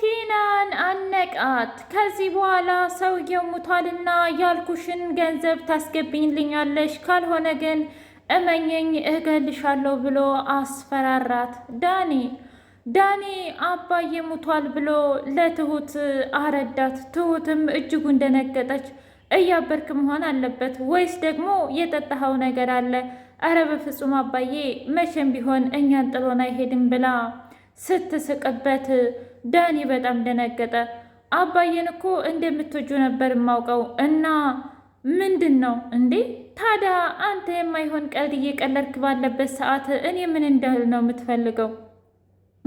ቲናን አነቃት። ከዚህ በኋላ ሰውየው ሙቷልና ያልኩሽን ገንዘብ ታስገብኝልኛለሽ፣ ካልሆነ ግን እመኘኝ እገልሻለሁ ብሎ አስፈራራት። ዳኒ ዳኒ አባዬ ሙቷል ብሎ ለትሁት አረዳት። ትሁትም እጅጉን ደነገጠች። እያበርክ መሆን አለበት ወይስ ደግሞ የጠጣኸው ነገር አለ? አረ በፍጹም አባዬ መቼም ቢሆን እኛን ጥሎን አይሄድም ብላ ስትስቅበት ዳኒ በጣም ደነገጠ። አባዬን እኮ እንደምትወጁ ነበር የማውቀው እና ምንድን ነው እንዴ ታዲያ አንተ የማይሆን ቀልድ እየቀለድክ ባለበት ሰዓት እኔ ምን እንዳል ነው የምትፈልገው?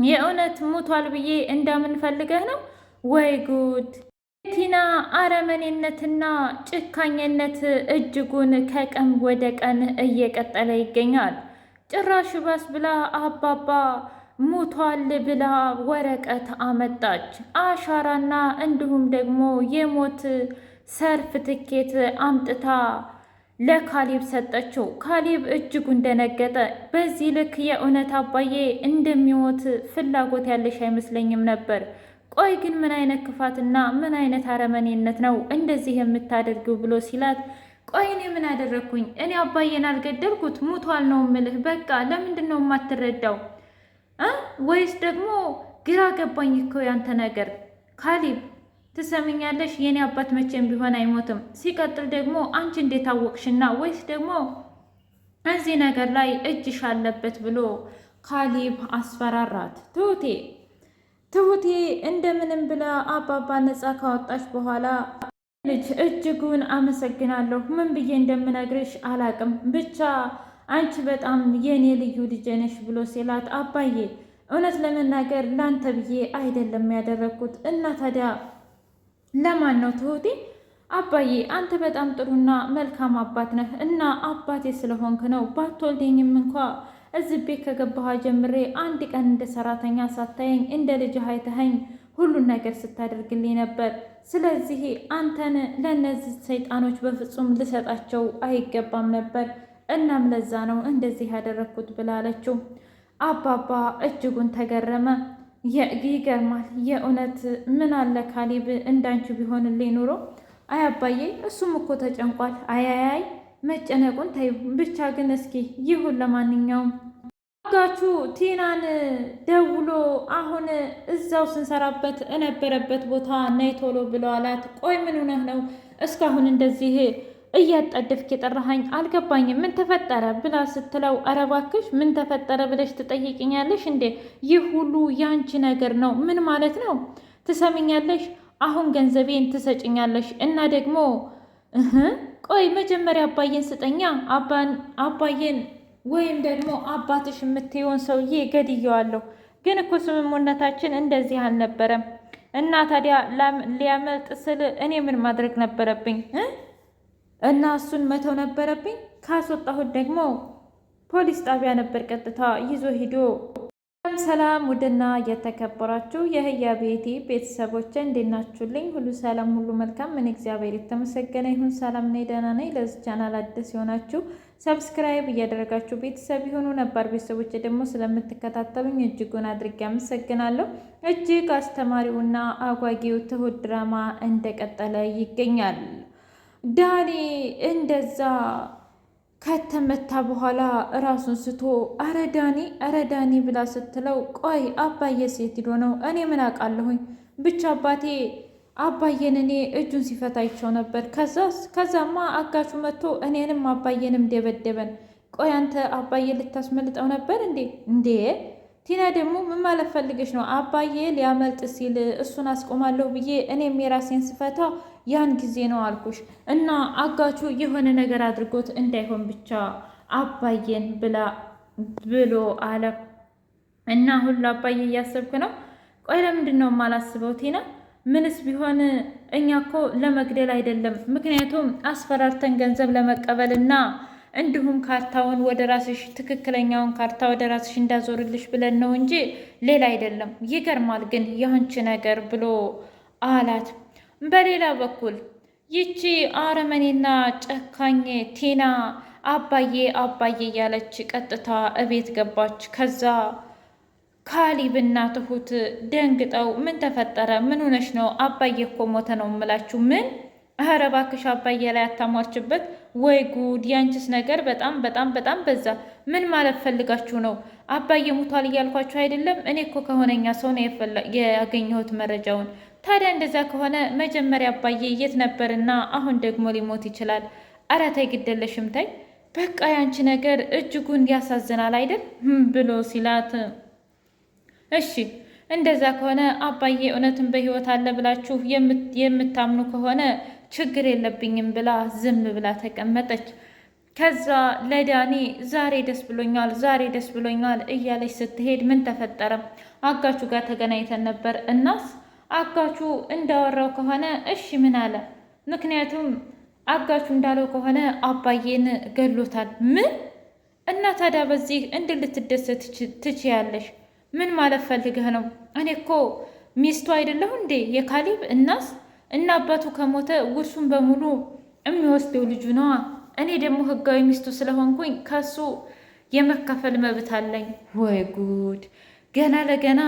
የእውነት ሙቷል ብዬ እንዳምን ነው ወይ ጉድ! ቲና አረመኔነትና ጭካኝነት እጅጉን ከቀን ወደ ቀን እየቀጠለ ይገኛል። ጭራሽ ባስ ብላ አባባ ሙቷል ብላ ወረቀት አመጣች። አሻራና እንዲሁም ደግሞ የሞት ሰርፍ ትኬት አምጥታ ለካሊብ ሰጠችው። ካሊብ እጅጉ እንደነገጠ በዚህ ልክ የእውነት አባዬ እንደሚሞት ፍላጎት ያለሽ አይመስለኝም ነበር። ቆይ ግን ምን አይነት ክፋትና ምን አይነት አረመኔነት ነው እንደዚህ የምታደርጊው ብሎ ሲላት ቆይ እኔ ምን አደረግኩኝ? እኔ አባዬን አልገደልኩት፣ ሙቷል ነው ምልህ። በቃ ለምንድን ነው የማትረዳው? ወይስ ደግሞ ግራ ገባኝ እኮ ያንተ ነገር ካሊብ ትሰምኛለሽ? የኔ አባት መቼም ቢሆን አይሞትም። ሲቀጥል ደግሞ አንቺ እንዴት አወቅሽና? ወይስ ደግሞ እዚህ ነገር ላይ እጅሽ አለበት ብሎ ካሊብ አስፈራራት። ትሁቴ ትሁቴ እንደምንም ብላ አባባ ነፃ ካወጣች በኋላ ልጅ እጅጉን አመሰግናለሁ። ምን ብዬ እንደምነግርሽ አላቅም ብቻ አንቺ በጣም የእኔ ልዩ ልጄ ነሽ ብሎ ሲላት አባዬ እውነት ለመናገር ላንተ ብዬ አይደለም ያደረግኩት እና ታዲያ ለማን ነው ትሁቴ? አባዬ አንተ በጣም ጥሩና መልካም አባት ነህ እና አባቴ ስለሆንክ ነው። ባትወልደኝም እንኳ እዚህ ቤት ከገባኋ ጀምሬ አንድ ቀን እንደ ሰራተኛ ሳታየኝ እንደ ልጅ አይተኸኝ ሁሉን ነገር ስታደርግልኝ ነበር። ስለዚህ አንተን ለእነዚህ ሰይጣኖች በፍጹም ልሰጣቸው አይገባም ነበር። እናም ለዛ ነው እንደዚህ ያደረግኩት ብላለችው። አባባ እጅጉን ተገረመ። ይገርማል የእውነት ምን አለ ካሊብ እንዳንቺ ቢሆንልኝ ኑሮ አይ አባዬ፣ እሱም እኮ ተጨንቋል። አያያይ መጨነቁን ታይ ብቻ ግን እስኪ ይሁን። ለማንኛውም አጋቹ ቲናን ደውሎ አሁን እዛው ስንሰራበት እነበረበት ቦታ ነይ ቶሎ ብሎ አላት። ቆይ ምን ሆነህ ነው እስካሁን እንደዚህ እያጣደፍክ የጠራኸኝ አልገባኝም፣ ምን ተፈጠረ ብላ ስትለው ኧረ እባክሽ ምን ተፈጠረ ብለሽ ትጠይቅኛለሽ እንዴ? ይህ ሁሉ ያንቺ ነገር ነው። ምን ማለት ነው? ትሰምኛለሽ? አሁን ገንዘቤን ትሰጭኛለሽ እና ደግሞ ቆይ መጀመሪያ አባዬን ስጠኛ። አባዬን ወይም ደግሞ አባትሽ የምትሆን ሰውዬ ገድየዋለሁ፣ ግን እኮ ስምምነታችን እንደዚህ አልነበረም እና ታዲያ ሊያመልጥ ስል እኔ ምን ማድረግ ነበረብኝ? እና እሱን መተው ነበረብኝ። ካስወጣሁት ደግሞ ፖሊስ ጣቢያ ነበር ቀጥታ ይዞ ሂዶ። ሰላም ውድና የተከበራችሁ የህያ ቤቴ ቤተሰቦች እንዴናችሁልኝ? ሁሉ ሰላም፣ ሁሉ መልካም። ምን እግዚአብሔር የተመሰገነ ይሁን። ሰላም ነኝ፣ ደህና ነኝ። ለዚህ ቻናል አዲስ የሆናችሁ ሰብስክራይብ እያደረጋችሁ ቤተሰብ የሆኑ ነባር ቤተሰቦች ደግሞ ስለምትከታተሉኝ እጅጉን አድርጌ አመሰግናለሁ። እጅግ አስተማሪውና አጓጊው ትሁት ድራማ እንደቀጠለ ይገኛል። ዳኒ እንደዛ ከተመታ በኋላ ራሱን ስቶ አረ ዳኒ አረ ዳኒ ብላ ስትለው ቆይ አባዬ ሴት ሂዶ ነው እኔ ምን አውቃለሁኝ ብቻ አባቴ አባዬን እኔ እጁን ሲፈታይቸው ነበር። ከዛስ ከዛማ አጋቹ መጥቶ እኔንም አባዬንም ደበደበን። ቆይ አንተ አባዬ ልታስመልጠው ነበር እንዴ? እንዴ ቲና ደግሞ ምን ማለት ፈልገሽ ነው? አባዬ ሊያመልጥ ሲል እሱን አስቆማለሁ ብዬ እኔም የራሴን ስፈታ ያን ጊዜ ነው አልኩሽ እና አጋቹ የሆነ ነገር አድርጎት እንዳይሆን ብቻ አባዬን ብላ ብሎ አለ እና ሁሉ አባዬ እያሰብክ ነው። ቆይ ለምንድን ነው የማላስበው ቴና? ምንስ ቢሆን እኛ እኮ ለመግደል አይደለም። ምክንያቱም አስፈራርተን ገንዘብ ለመቀበልና እንዲሁም ካርታውን ወደ ራስሽ ትክክለኛውን ካርታ ወደ ራስሽ እንዳዞርልሽ ብለን ነው እንጂ ሌላ አይደለም። ይገርማል ግን ያንቺ ነገር ብሎ አላት። በሌላ በኩል ይቺ አረመኔና ጨካኝ ቴና አባዬ አባዬ እያለች ቀጥታ እቤት ገባች። ከዛ ካሊብና ትሁት ደንግጠው ምን ተፈጠረ? ምን ሆነሽ ነው? አባዬ እኮ ሞተ ነው የምላችሁ። ምን? ኧረ እባክሽ አባዬ ላይ አታሟርችበት። ወይ ጉድ! ያንቺስ ነገር በጣም በጣም በጣም በዛ። ምን ማለት ፈልጋችሁ ነው? አባዬ ሙቷል እያልኳችሁ አይደለም። እኔ እኮ ከሆነኛ ሰው ነው ያገኘሁት መረጃውን ታዲያ እንደዛ ከሆነ መጀመሪያ አባዬ የት ነበርና አሁን ደግሞ ሊሞት ይችላል? ኧረ ተይ ግደለሽም ተይ፣ በቃ ያንቺ ነገር እጅጉን ያሳዝናል አይደል? ብሎ ሲላት እሺ እንደዛ ከሆነ አባዬ እውነትን በህይወት አለ ብላችሁ የምታምኑ ከሆነ ችግር የለብኝም ብላ ዝም ብላ ተቀመጠች። ከዛ ለዳኒ ዛሬ ደስ ብሎኛል፣ ዛሬ ደስ ብሎኛል እያለች ስትሄድ ምን ተፈጠረም አጋቹ ጋር ተገናኝተን ነበር እናስ አጋቹ እንዳወራው ከሆነ እሺ ምን አለ? ምክንያቱም አጋቹ እንዳለው ከሆነ አባዬን ገሎታል። ምን እና ታዲያ በዚህ እንድ ልትደሰት ትችያለሽ? ምን ማለት ፈልገህ ነው? እኔ እኮ ሚስቱ አይደለሁ እንዴ የካሌብ እናስ እና አባቱ ከሞተ ውርሱን በሙሉ የሚወስደው ልጁ ነዋ። እኔ ደግሞ ህጋዊ ሚስቱ ስለሆንኩኝ ከሱ የመካፈል መብት አለኝ። ወይ ጉድ ገና ለገና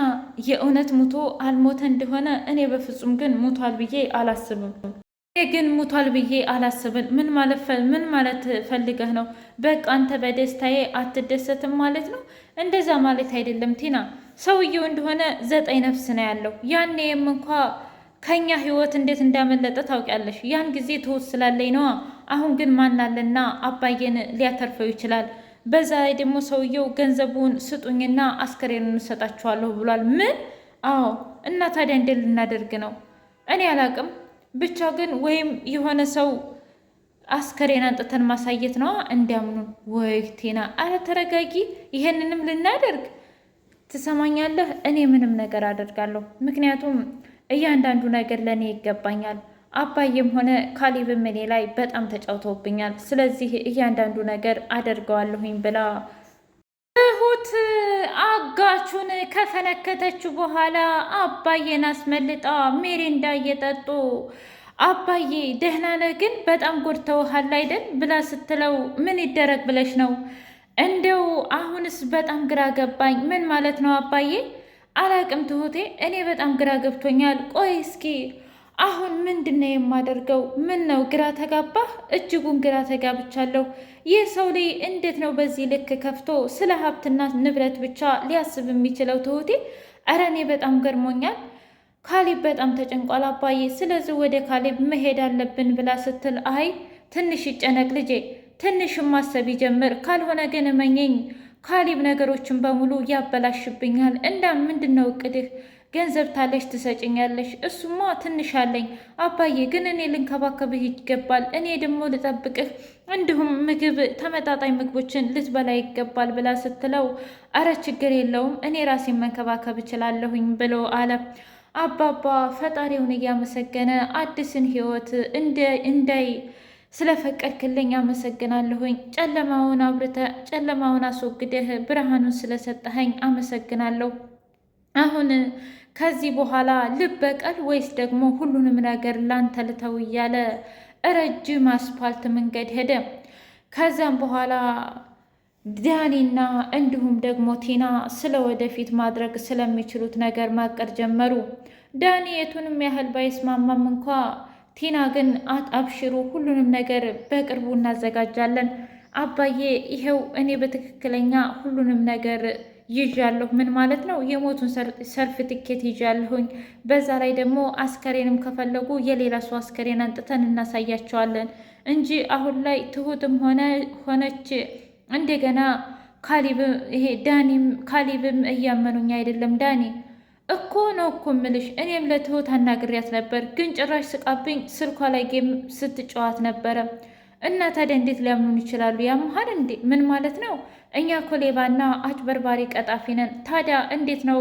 የእውነት ሙቶ አልሞተ እንደሆነ እኔ በፍጹም ግን ሙቷል ብዬ አላስብም። ይሄ ግን ሙቷል ብዬ አላስብን። ምን ማለት ምን ማለት ፈልገህ ነው? በቃ አንተ በደስታዬ አትደሰትም ማለት ነው? እንደዛ ማለት አይደለም ቲና። ሰውየው እንደሆነ ዘጠኝ ነፍስ ነው ያለው። ያኔም እንኳ ከኛ ህይወት እንዴት እንዳመለጠ ታውቂያለሽ። ያን ጊዜ ትውስላለኝ ነዋ። አሁን ግን ማናለና አባዬን ሊያተርፈው ይችላል። በዛ ላይ ደግሞ ሰውየው ገንዘቡን ስጡኝና አስከሬኑን እሰጣችኋለሁ ብሏል። ምን? አዎ። እና ታዲያ እንዴ ልናደርግ ነው? እኔ አላቅም። ብቻ ግን ወይም የሆነ ሰው አስከሬን አንጥተን ማሳየት ነዋ እንዲያምኑ። ወይ ቴና፣ አረ ተረጋጊ። ይሄንንም ልናደርግ ትሰማኛለህ? እኔ ምንም ነገር አደርጋለሁ። ምክንያቱም እያንዳንዱ ነገር ለእኔ ይገባኛል። አባዬም ሆነ ካሌብም እኔ ላይ በጣም ተጫውተውብኛል። ስለዚህ እያንዳንዱ ነገር አደርገዋለሁኝ ብላ ትሁት አጋቹን ከፈነከተችው በኋላ አባዬን አስመልጣ ሜሪንዳ እየጠጡ አባዬ ደህና ነህ ግን በጣም ጎድተውሃል አይደል ብላ ስትለው ምን ይደረግ ብለሽ ነው? እንደው አሁንስ በጣም ግራ ገባኝ። ምን ማለት ነው አባዬ? አላቅም ትሁቴ፣ እኔ በጣም ግራ ገብቶኛል። ቆይ እስኪ አሁን ምንድነው የማደርገው? ምን ነው ግራ ተጋባህ? እጅጉን ግራ ተጋብቻለሁ። ይህ ሰው ላይ እንዴት ነው በዚህ ልክ ከፍቶ ስለ ሀብትና ንብረት ብቻ ሊያስብ የሚችለው? ትሁቴ እረ እኔ በጣም ገርሞኛል። ካሌብ በጣም ተጨንቋል አባዬ፣ ስለዚህ ወደ ካሌብ መሄድ አለብን ብላ ስትል አይ ትንሽ ይጨነቅ ልጄ፣ ትንሽ ማሰብ ይጀምር። ካልሆነ ግን እመኘኝ ካሌብ ነገሮችን በሙሉ ያበላሽብኛል። እንዳ ምንድን ነው እቅድህ? ገንዘብ ታለሽ ትሰጭኛለሽ? እሱማ ትንሽ አለኝ አባዬ፣ ግን እኔ ልንከባከብህ ይገባል፣ እኔ ደግሞ ልጠብቅህ፣ እንዲሁም ምግብ ተመጣጣኝ ምግቦችን ልትበላ ይገባል ብላ ስትለው አረ ችግር የለውም እኔ ራሴን መንከባከብ እችላለሁኝ ብሎ አለ። አባባ ፈጣሪውን እያመሰገነ አዲስን ህይወት እንዳይ ስለፈቀድክልኝ አመሰግናለሁኝ። ጨለማውን አብርተ ጨለማውን አስወግደህ ብርሃኑን ስለሰጠኸኝ አመሰግናለሁ። አሁን ከዚህ በኋላ ልበቀል ወይስ ደግሞ ሁሉንም ነገር ላንተ ልተው እያለ ረጅም አስፓልት መንገድ ሄደ። ከዚያም በኋላ ዳኒና እንዲሁም ደግሞ ቲና ስለ ወደፊት ማድረግ ስለሚችሉት ነገር ማቀድ ጀመሩ። ዳኒ የቱንም ያህል ባይስማማም እንኳ ቲና ግን አጣብሽሩ፣ ሁሉንም ነገር በቅርቡ እናዘጋጃለን አባዬ፣ ይኸው እኔ በትክክለኛ ሁሉንም ነገር ይዣለሁ። ምን ማለት ነው? የሞቱን ሰልፍ ትኬት ይዣለሁኝ። በዛ ላይ ደግሞ አስከሬንም ከፈለጉ የሌላ ሰው አስከሬን አንጥተን እናሳያቸዋለን እንጂ አሁን ላይ ትሁትም ሆነ ሆነች እንደገና ካሊብም ይሄ ዳኒም ካሊብም እያመኑኝ አይደለም። ዳኒ እኮ ነው እኮ ምልሽ። እኔም ለትሁት አናግሪያት ነበር፣ ግን ጭራሽ ስቃብኝ ስልኳ ላይ ጌም ስትጫዋት ነበረ። እና ታዲያ እንዴት ሊያምኑን ይችላሉ? ያሙሀን እንዴ ምን ማለት ነው? እኛ እኮ ሌባና አጭበርባሪ ቀጣፊ ነን። ታዲያ እንዴት ነው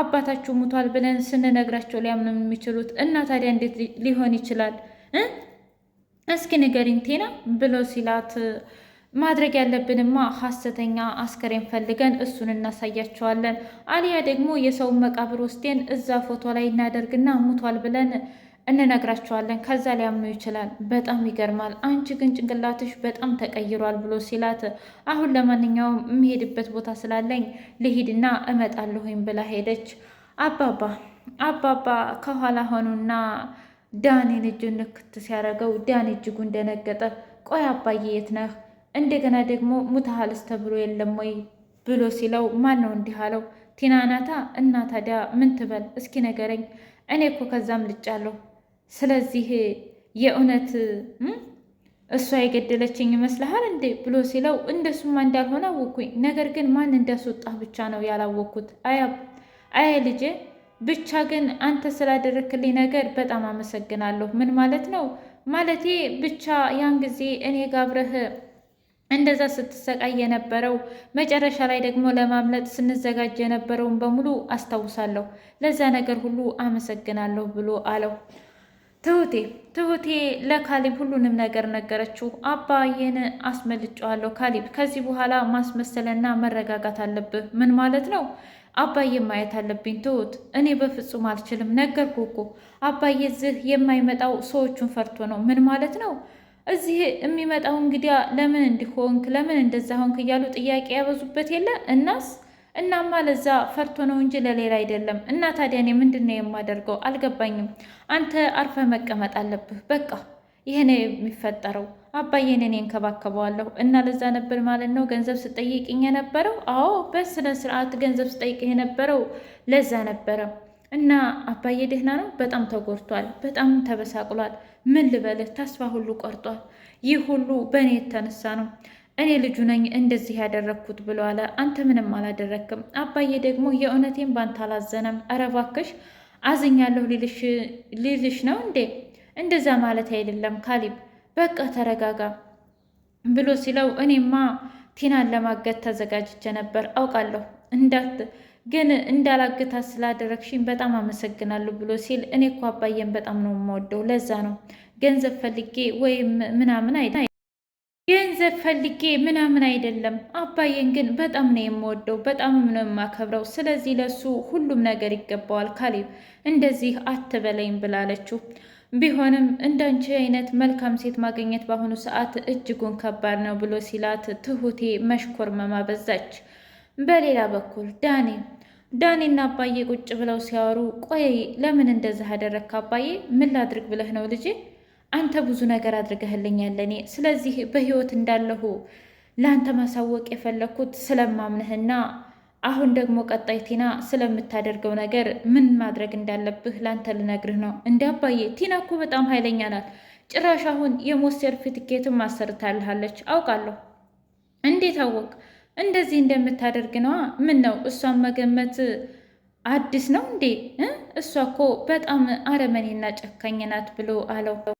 አባታችሁ ሙቷል ብለን ስንነግራቸው ሊያምኑን የሚችሉት? እና ታዲያ እንዴት ሊሆን ይችላል? እስኪ ንገሪኝ ቴና ብሎ ሲላት ማድረግ ያለብንማ ሀሰተኛ አስከሬን ፈልገን እሱን እናሳያቸዋለን፣ አሊያ ደግሞ የሰውን መቃብር ወስደን እዛ ፎቶ ላይ እናደርግና ሙቷል ብለን እንነግራቸዋለን። ከዛ ሊያምኑ ይችላል። በጣም ይገርማል። አንቺ ግን ጭንቅላትሽ በጣም ተቀይሯል ብሎ ሲላት፣ አሁን ለማንኛውም የምሄድበት ቦታ ስላለኝ ልሂድና እመጣለሁኝ ብላ ሄደች። አባባ አባባ ከኋላ ሆኑና ዳኒን እጁን ንክት ሲያደርገው ዳኒ እጅጉ ደነገጠ። ቆይ አባዬ የት ነህ? እንደገና ደግሞ ሙታሃልስ ተብሎ የለም ወይ ብሎ ሲለው ማን ነው እንዲህ አለው? ቲናናታ እና ታዲያ ምን ትበል? እስኪ ነገረኝ። እኔ እኮ ከዛም ልጫለሁ ስለዚህ የእውነት እሷ የገደለችኝ ይመስልሃል እንዴ ብሎ ሲለው እንደሱማ እንዳልሆነ አወኩኝ። ነገር ግን ማን እንዳስወጣህ ብቻ ነው ያላወኩት። አያ ልጄ፣ ብቻ ግን አንተ ስላደረክልኝ ነገር በጣም አመሰግናለሁ። ምን ማለት ነው? ማለቴ ብቻ ያን ጊዜ እኔ ጋብረህ እንደዛ ስትሰቃይ የነበረው መጨረሻ ላይ ደግሞ ለማምለጥ ስንዘጋጅ የነበረውን በሙሉ አስታውሳለሁ። ለዛ ነገር ሁሉ አመሰግናለሁ ብሎ አለው። ትሁቴ ትሁቴ ለካሊብ ሁሉንም ነገር ነገረችው። አባዬን አስመልጨዋለሁ ካሊብ፣ ከዚህ በኋላ ማስመሰልና መረጋጋት አለብህ። ምን ማለት ነው? አባዬ ማየት አለብኝ ትሁት። እኔ በፍጹም አልችልም። ነገርኩ እኮ አባዬ እዚህ የማይመጣው ሰዎቹን ፈርቶ ነው። ምን ማለት ነው? እዚህ የሚመጣው እንግዲያ ለምን እንዲሆንክ ለምን እንደዛ ሆንክ እያሉ ጥያቄ ያበዙበት የለ እናስ እናማ ለዛ ፈርቶ ነው እንጂ ለሌላ አይደለም። እና ታዲያ እኔ ምንድን ነው የማደርገው አልገባኝም። አንተ አርፈ መቀመጥ አለብህ። በቃ ይሄ ነው የሚፈጠረው። አባዬን እኔ እንከባከበዋለሁ። እና ለዛ ነበር ማለት ነው ገንዘብ ስጠይቅኝ የነበረው። አዎ በስነ ስርዓት ገንዘብ ስጠይቅኝ የነበረው ለዛ ነበረ። እና አባዬ ደህና ነው? በጣም ተጎድቷል። በጣም ተበሳቅሏል። ምን ልበልህ፣ ተስፋ ሁሉ ቆርጧል። ይህ ሁሉ በእኔ የተነሳ ነው እኔ ልጁ ነኝ እንደዚህ ያደረግኩት ብሎ አለ። አንተ ምንም አላደረግክም። አባዬ ደግሞ የእውነቴን ባንተ አላዘነም። ኧረ እባክሽ አዝኛለሁ ሊልሽ ነው እንዴ? እንደዛ ማለት አይደለም ካሊብ፣ በቃ ተረጋጋ ብሎ ሲለው እኔማ ቲናን ለማገት ተዘጋጅቼ ነበር አውቃለሁ እንዳት ግን እንዳላግታ ስላደረግሽኝ በጣም አመሰግናለሁ ብሎ ሲል እኔ እኮ አባዬን በጣም ነው የምወደው። ለዛ ነው ገንዘብ ፈልጌ ወይም ምናምን አይ ገንዘብ ፈልጌ ምናምን አይደለም። አባዬን ግን በጣም ነው የምወደው፣ በጣም ነው የማከብረው። ስለዚህ ለሱ ሁሉም ነገር ይገባዋል። ካሌብ እንደዚህ አትበለኝ ብላለችው። ቢሆንም እንዳንቺ አይነት መልካም ሴት ማግኘት በአሁኑ ሰዓት እጅጉን ከባድ ነው ብሎ ሲላት ትሁቴ መሽኮር መማበዛች በሌላ በኩል ዳኔ ዳኔና አባዬ ቁጭ ብለው ሲያወሩ፣ ቆይ ለምን እንደዚህ አደረግክ አባዬ? ምን ላድርግ ብለህ ነው ልጄ አንተ ብዙ ነገር አድርገህልኛል ለእኔ። ስለዚህ በህይወት እንዳለሁ ለአንተ ማሳወቅ የፈለግኩት ስለማምንህና አሁን ደግሞ ቀጣይ ቲና ስለምታደርገው ነገር ምን ማድረግ እንዳለብህ ለአንተ ልነግርህ ነው። እንዲ አባዬ ቲና እኮ በጣም ኃይለኛ ናት። ጭራሽ አሁን የሞት ሰርቲፊኬትም አሰርታልሃለች። አውቃለሁ። እንዴት አወቅ? እንደዚህ እንደምታደርግ ነዋ። ምን ነው እሷን መገመት አዲስ ነው እንዴ? እሷ እኮ በጣም አረመኔና ጨካኝ ናት ብሎ አለው።